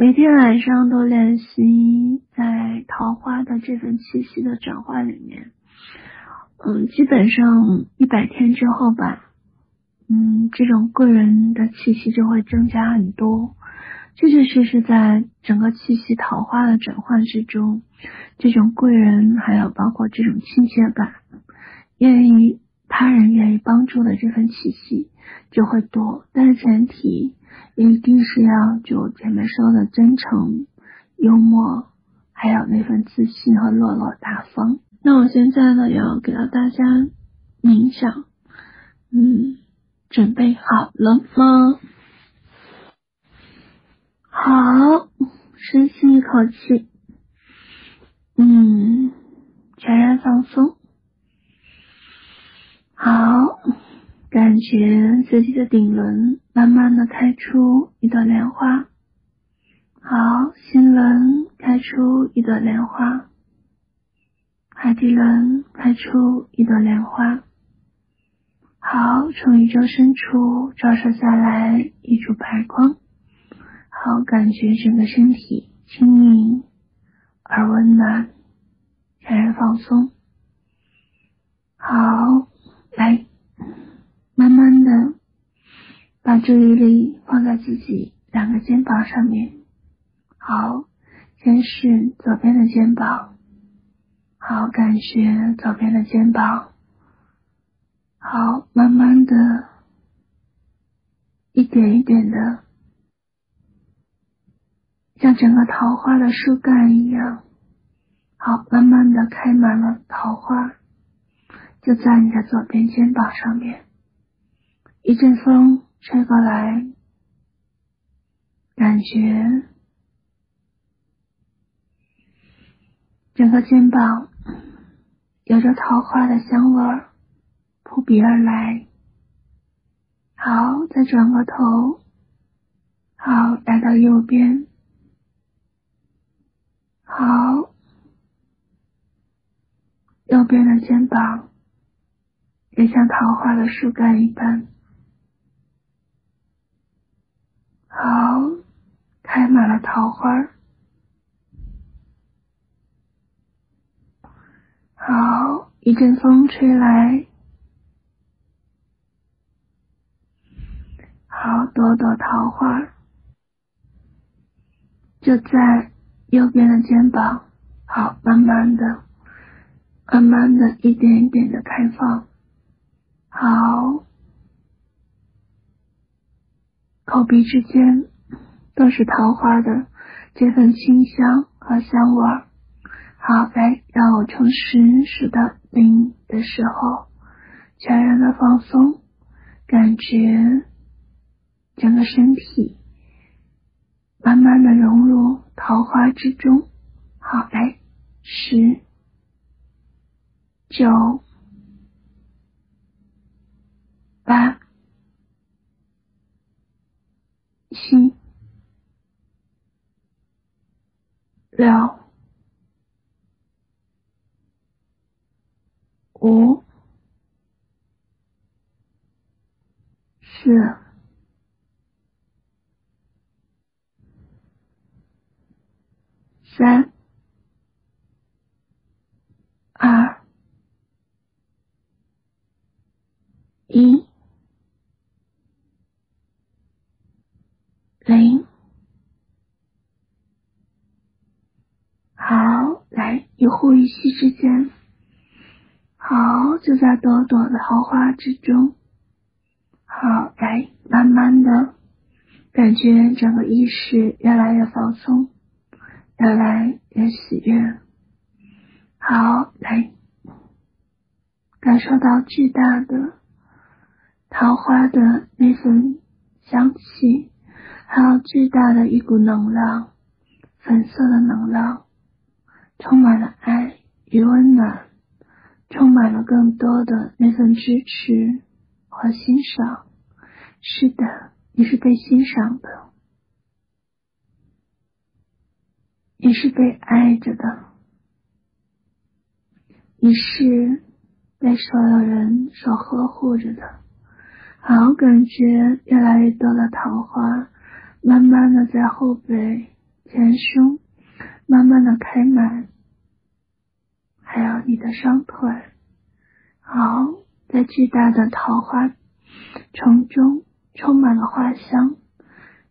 每天晚上都練習，在桃花的這份氣息的轉換裡面，嗯，基本上一百天之後吧，嗯，這種貴人的氣息就會增加很多，確確實實在整個氣息桃花的轉換之中，這種貴人還有包括這種親切感，願意，他人願意幫助的這份氣息就會多，但是前提。也一定是要就前面說的真誠、幽默，還有那份自信和落落大方。那我現在呢，要給到大家冥想，嗯，準備好了嗎？好，深吸一口氣，嗯，全然放鬆。感覺自己的頂輪慢慢的開出一朵蓮花，好，心輪開出一朵蓮花，海底輪開出一朵蓮花，好，從宇宙深處照射下來一束白光，好，感覺整個身體輕盈而溫暖，讓人放鬆，好，來。慢慢的，把注意力放在自己兩個肩膀上面。好，先是左邊的肩膀，好，感覺左邊的肩膀，好，慢慢的一點一點的，像整個桃花的樹幹一樣，好，慢慢的開滿了桃花，就在你的左邊肩膀上面。一陣風吹過來，感覺整個肩膀有着桃花的香味兒撲鼻而來。好，再轉個頭，好，來到右邊，好，右邊的肩膀也像桃花的樹幹一般。好，開滿了桃花。好，一陣風吹來。好，朵朵桃花就在右邊的肩膀。好，慢慢的，慢慢的一點一點的開放。好。口鼻之間都是桃花的這份清香和香味兒。好，來，讓我從十數到零的時候，全然的放鬆，感覺整個身體慢慢的融入桃花之中。好，來，十，九。五四三二一零，好，來，一呼一之中，好，來，慢慢的，感覺整個意識越來越放鬆，越來越喜悅。好，來，感受到巨大的桃花的那份香氣，還有巨大的一股能量，粉色的能量，充滿了愛與溫暖。充滿了更多的那份支持和欣賞。是的，你是被欣賞的，你是被愛着的，你是被所有人所呵護着的。好，感覺越來越多的桃花，慢慢的在後背、前胸，慢慢的開滿，還有你的傷口。會，好，在巨大的桃花叢中，充滿了花香，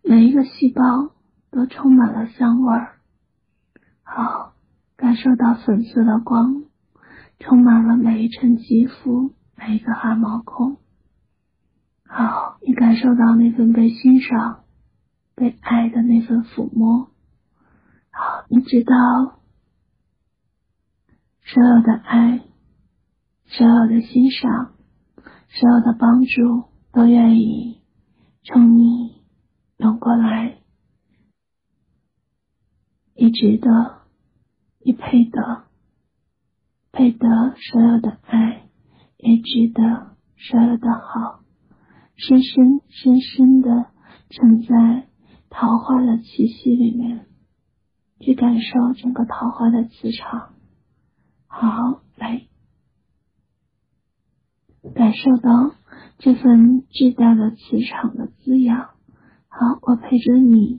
每一個細胞，都充滿了香味兒。好，感受到粉色的光，充滿了每一層肌膚，每一個汗毛孔。好，你感受到那份被欣賞、被愛的那份撫摸。好，你知道，所有的愛。所有的欣賞，所有的幫助，都願意從你湧過來。你值得，你配得，配得所有的愛，也值得所有的好。深深深深的沉在桃花的氣息裡面，去感受整個桃花的磁場。好，來。感受到這份巨大的磁場的滋養，好，我陪着你。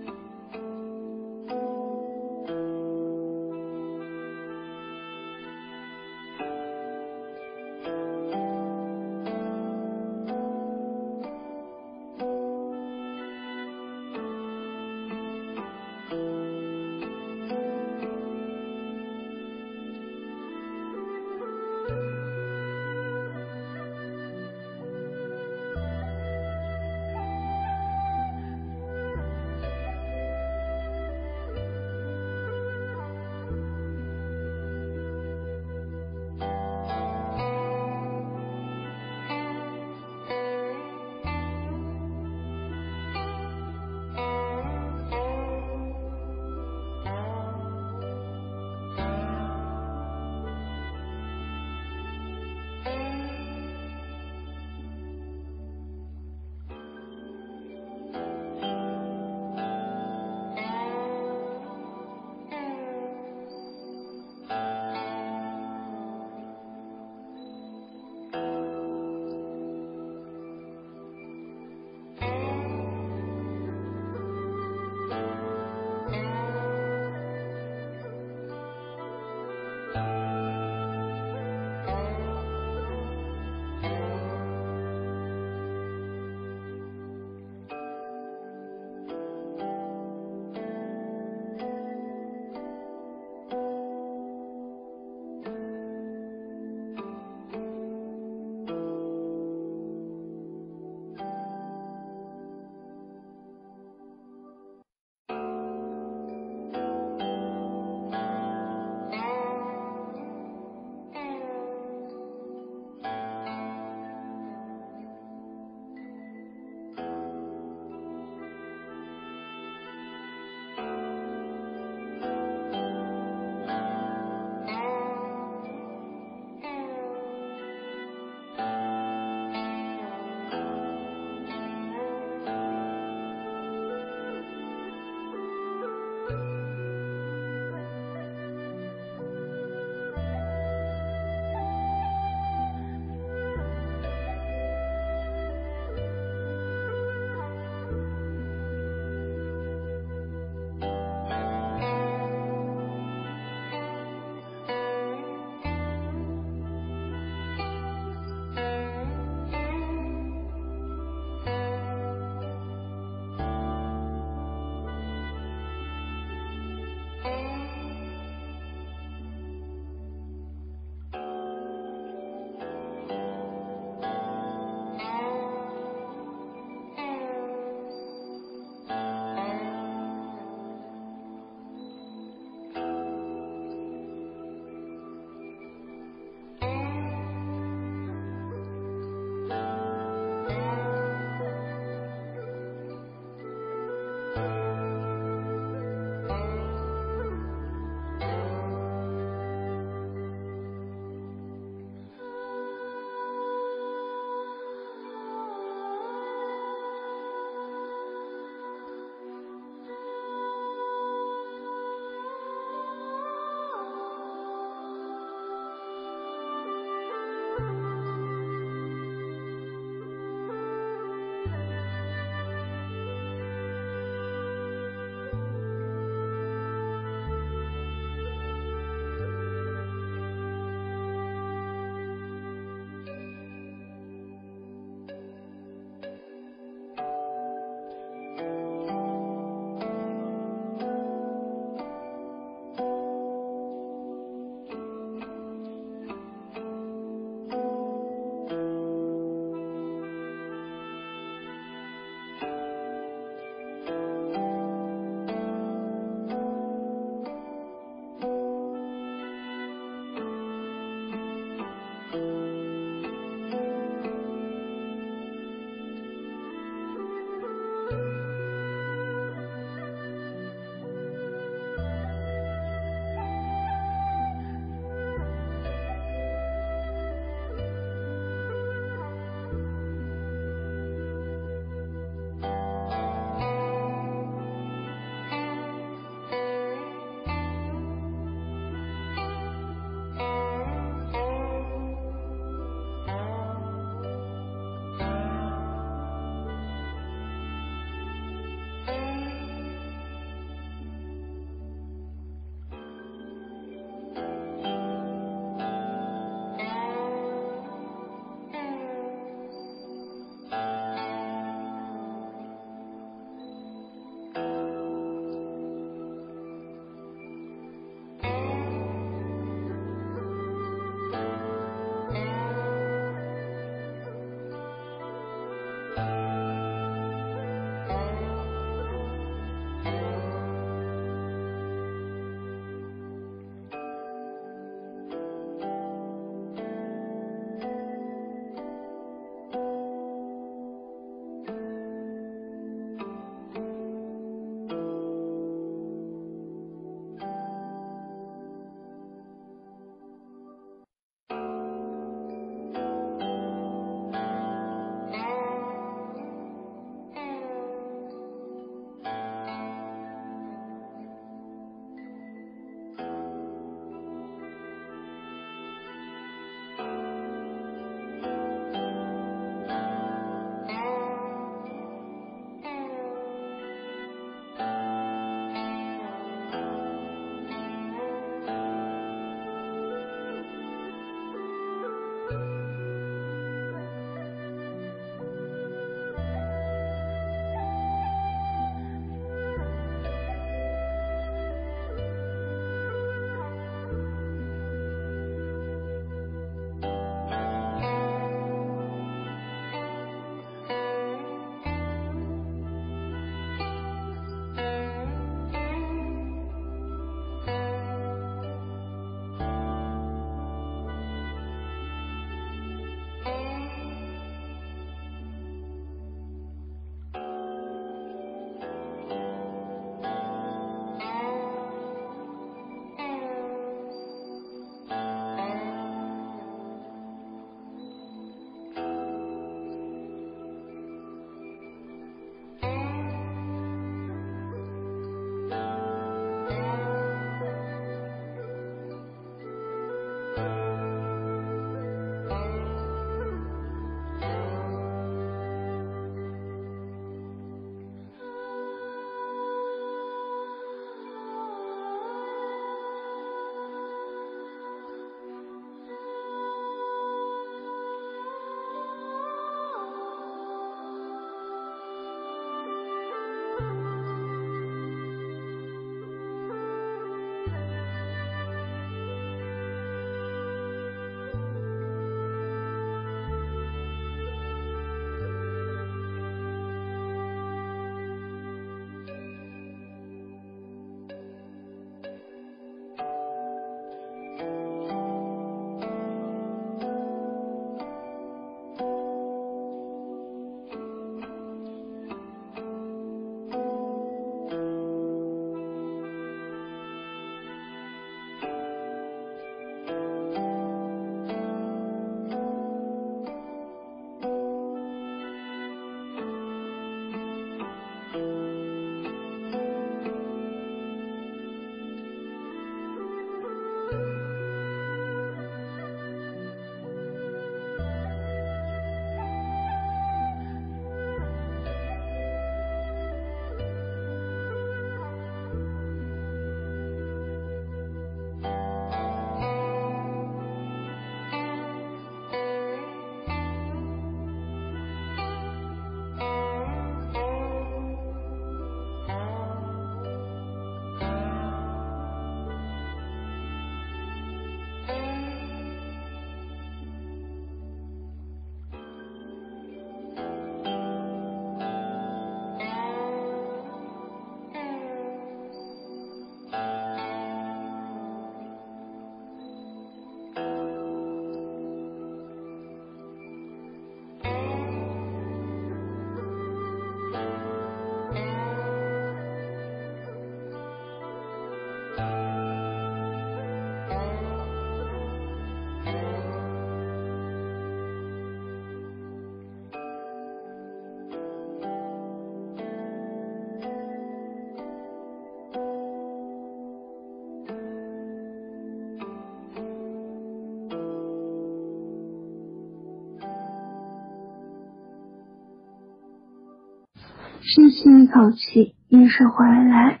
深吸一口氣，意識回來，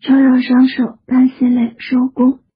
揉揉雙手，乾洗臉，收工。